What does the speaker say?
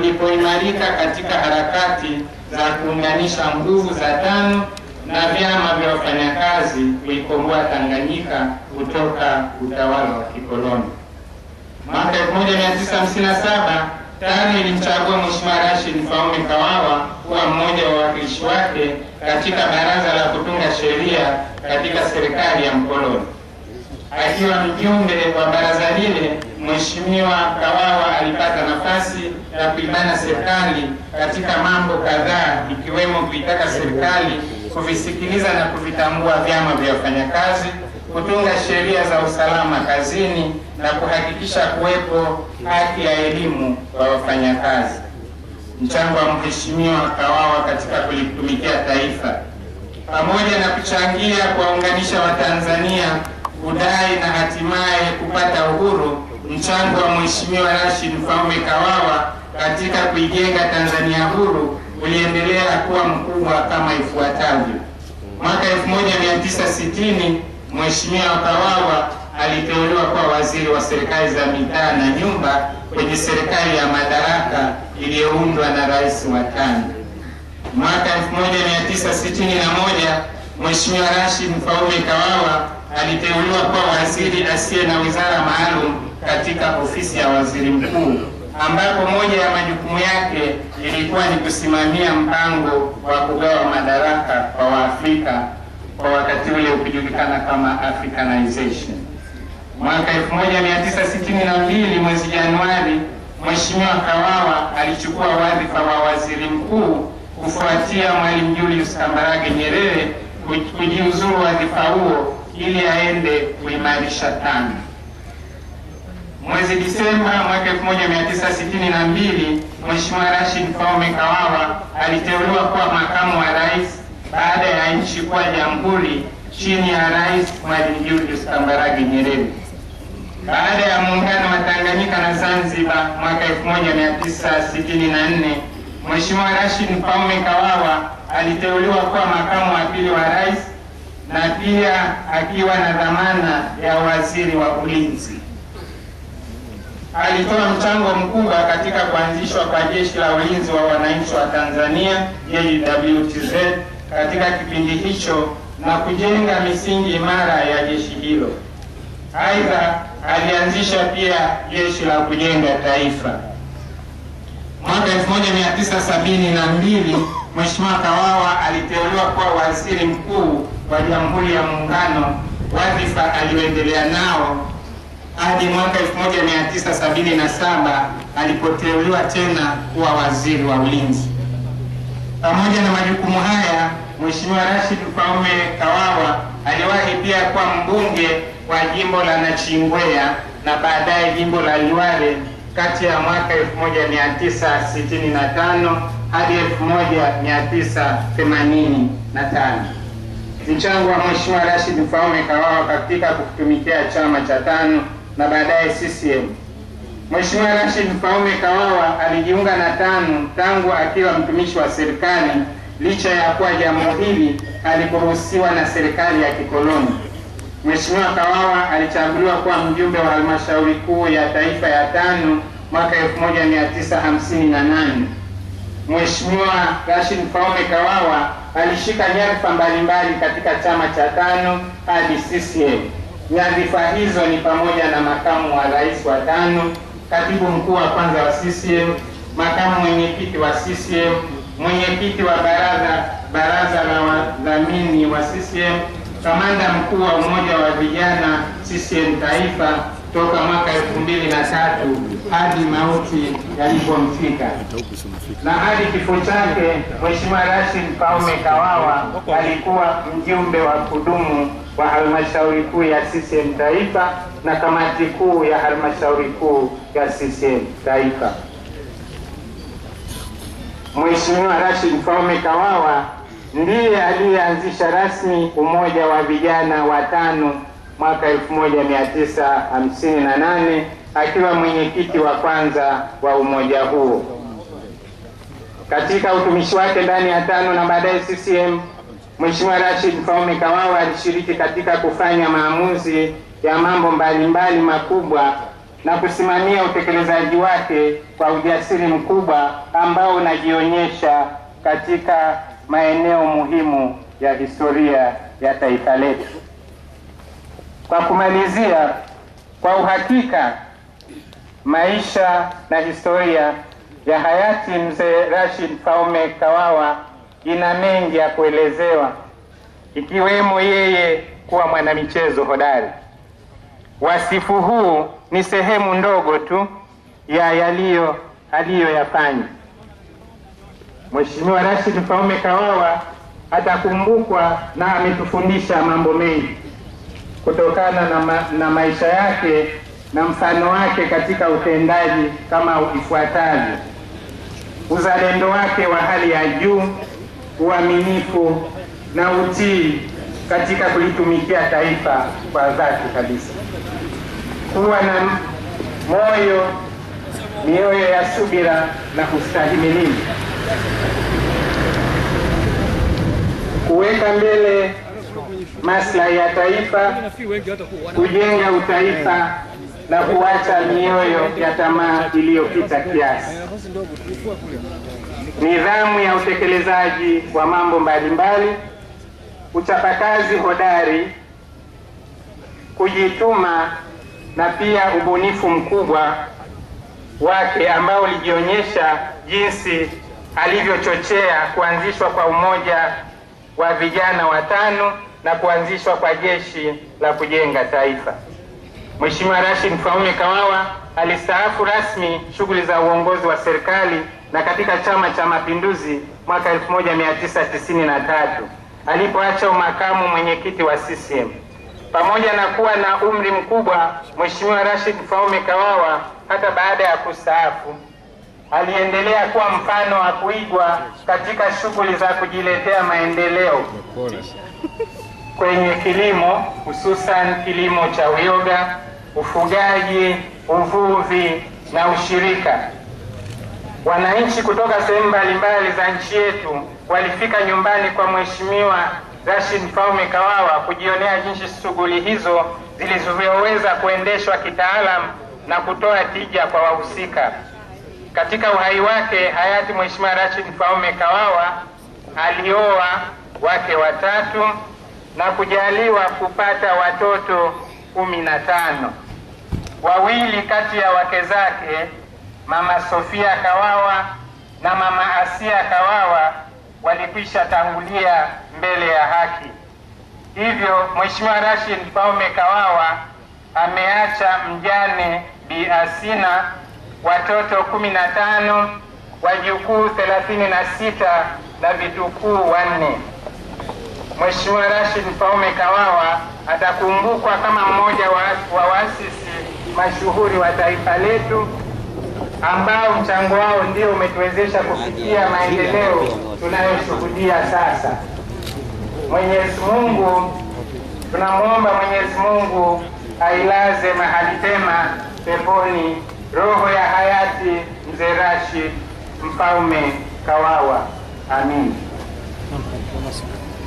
ulipoimarika katika harakati za kuunganisha nguvu za tano na vyama vya wafanyakazi kuikomboa Tanganyika kutoka utawala wa kikoloni. Mwaka 1957 TANU ilimchagua Mheshimiwa Rashid Faume Kawawa kuwa mmoja wa wawakilishi wake katika baraza la kutunga sheria katika serikali ya mkoloni. Akiwa mjumbe wa baraza lile Mheshimiwa Kawawa alipata nafasi ya kuibana serikali katika mambo kadhaa ikiwemo kuitaka serikali kuvisikiliza na kuvitambua vyama vya wafanyakazi, kutunga sheria za usalama kazini na kuhakikisha kuwepo haki ya elimu kwa wafanyakazi. Mchango wa Mheshimiwa Kawawa katika kulitumikia taifa pamoja na kuchangia kuwaunganisha Watanzania kudai na hatimaye kupata uhuru mchango wa Mheshimiwa Rashid Mfaume Kawawa katika kuijenga Tanzania huru uliendelea kuwa mkubwa kama ifuatavyo. Mwaka 1960 Mheshimiwa Kawawa aliteuliwa kuwa waziri wa serikali za mitaa na nyumba kwenye serikali ya madaraka iliyoundwa na rais wa tano. Mwaka 1961 Mheshimiwa Rashid Mfaume Kawawa aliteuliwa kuwa waziri asiye na wizara maalum katika ofisi ya waziri mkuu ambapo moja ya majukumu yake ilikuwa ni kusimamia mpango wa kugawa madaraka kwa Waafrika kwa wakati ule ukijulikana kama Africanization. Mwaka 1962 mwezi Januari, Mheshimiwa Kawawa alichukua wadhifa wa waziri mkuu kufuatia Mwalimu Julius Kambarage Nyerere kujiuzuru wadhifa huo ili aende kuimarisha TANU. Mwezi Disemba mwaka 1962 Mheshimiwa Rashid Faume Kawawa aliteuliwa kuwa makamu wa rais baada ya nchi kuwa jamhuri chini ya Rais Mwalimu Julius Kambarage Nyerere. Baada ya muungano wa Tanganyika na Zanzibar mwaka 1964 Mheshimiwa Rashid Faume Kawawa aliteuliwa kuwa makamu wa pili wa rais na pia akiwa na dhamana ya waziri wa ulinzi alitoa mchango mkubwa katika kuanzishwa kwa Jeshi la Ulinzi wa Wananchi wa Tanzania JWTZ katika kipindi hicho na kujenga misingi imara ya jeshi hilo. Aidha, alianzisha pia Jeshi la Kujenga Taifa. Mwaka 1972 Mheshimiwa Kawawa aliteuliwa kuwa waziri mkuu wa Jamhuri ya Muungano, wadhifa aliyoendelea nao hadi mwaka 1977 alipoteuliwa tena kuwa waziri wa ulinzi. Pamoja na majukumu haya, Mheshimiwa Rashid Kaume Kawawa aliwahi pia kuwa mbunge wa jimbo la Nachingwea na baadaye jimbo la Liwale kati ya mwaka 1965 hadi 1985. Mchango wa Mheshimiwa Rashid faume Kawawa katika kutumikia chama cha tano na baadaye CCM. Mheshimiwa Rashid Mfaume Kawawa alijiunga na TANU tangu akiwa mtumishi wa serikali licha ya kuwa jambo hili alikuruhusiwa na serikali ya kikoloni. Mheshimiwa Kawawa alichaguliwa kuwa mjumbe wa halmashauri kuu ya taifa ya TANU mwaka 1958. Mheshimiwa Rashid Mfaume Kawawa alishika nyadhifa mbalimbali katika chama cha TANU hadi CCM. Nyadhifa hizo ni pamoja na makamu wa rais wa tano, katibu mkuu wa kwanza wa CCM, makamu mwenyekiti wa CCM, mwenyekiti wa baraza baraza la wadhamini wa CCM, kamanda mkuu wa umoja wa vijana CCM taifa toka mwaka elfu mbili na tatu hadi mauti yalipomfika na hadi kifo chake. Mheshimiwa Rashid Kaume Kawawa alikuwa mjumbe wa kudumu wa halmashauri kuu ya CCM taifa na kamati kuu ya halmashauri kuu ya CCM taifa. Mheshimiwa Rashid Faume Kawawa ndiye aliyeanzisha rasmi umoja wa vijana wa tano mwaka 1958 akiwa mwenyekiti wa kwanza wa umoja huo. Katika utumishi wake ndani ya tano na baadaye CCM Mheshimiwa Rashid Mfaume Kawawa alishiriki katika kufanya maamuzi ya mambo mbalimbali makubwa na kusimamia utekelezaji wake kwa ujasiri mkubwa ambao unajionyesha katika maeneo muhimu ya historia ya taifa letu. Kwa kumalizia, kwa uhakika maisha na historia ya hayati mzee Rashid Faume Kawawa ina mengi ya kuelezewa, ikiwemo yeye kuwa mwanamichezo hodari. Wasifu huu ni sehemu ndogo tu ya yaliyo aliyoyafanya. Mheshimiwa Rashid Faume Kawawa atakumbukwa na ametufundisha mambo mengi kutokana na, ma, na maisha yake na mfano wake katika utendaji kama ifuatavyo: uzalendo wake wa hali ya juu uaminifu na utii katika kulitumikia taifa kwa dhati kabisa, kuwa na moyo mioyo ya subira na kustahimilini, kuweka mbele maslahi ya taifa, kujenga utaifa na kuacha mioyo ya tamaa iliyopita kiasi nidhamu ya utekelezaji wa mambo mbalimbali, uchapakazi hodari, kujituma na pia ubunifu mkubwa wake ambao ulijionyesha jinsi alivyochochea kuanzishwa kwa umoja wa vijana watano na kuanzishwa kwa jeshi la kujenga taifa. Mheshimiwa Rashid Mfaume Kawawa alistaafu rasmi shughuli za uongozi wa serikali na katika Chama cha Mapinduzi mwaka 1993 alipoacha umakamu mwenyekiti wa CCM. Pamoja na kuwa na umri mkubwa, Mheshimiwa Rashid Faume Kawawa hata baada ya kustaafu aliendelea kuwa mfano wa kuigwa katika shughuli za kujiletea maendeleo kwenye kilimo, hususan kilimo cha uyoga, ufugaji uvuvi na ushirika. Wananchi kutoka sehemu mbalimbali za nchi yetu walifika nyumbani kwa Mheshimiwa Rashid Mfaume Kawawa kujionea jinsi shughuli hizo zilivyoweza kuendeshwa kitaalamu na kutoa tija kwa wahusika. Katika uhai wake hayati Mheshimiwa Rashid Mfaume Kawawa alioa wake watatu na kujaliwa kupata watoto kumi na tano. Wawili kati ya wake zake Mama Sofia Kawawa na Mama Asia Kawawa walikwisha tangulia mbele ya haki. Hivyo Mheshimiwa Rashid Baume Kawawa ameacha mjane Bi Asina, watoto kumi na tano, wajukuu thelathini na sita na vitukuu wanne. Mheshimiwa Rashid faume Kawawa atakumbukwa kama mmoja wa waasisi mashuhuri wa taifa letu ambao mchango wao ndio umetuwezesha kufikia maendeleo tunayoshuhudia sasa. Mwenyezi Mungu, tunamwomba Mwenyezi Mungu ailaze mahali pema peponi roho ya hayati Mzee Rashid Mfaume Kawawa. Amin.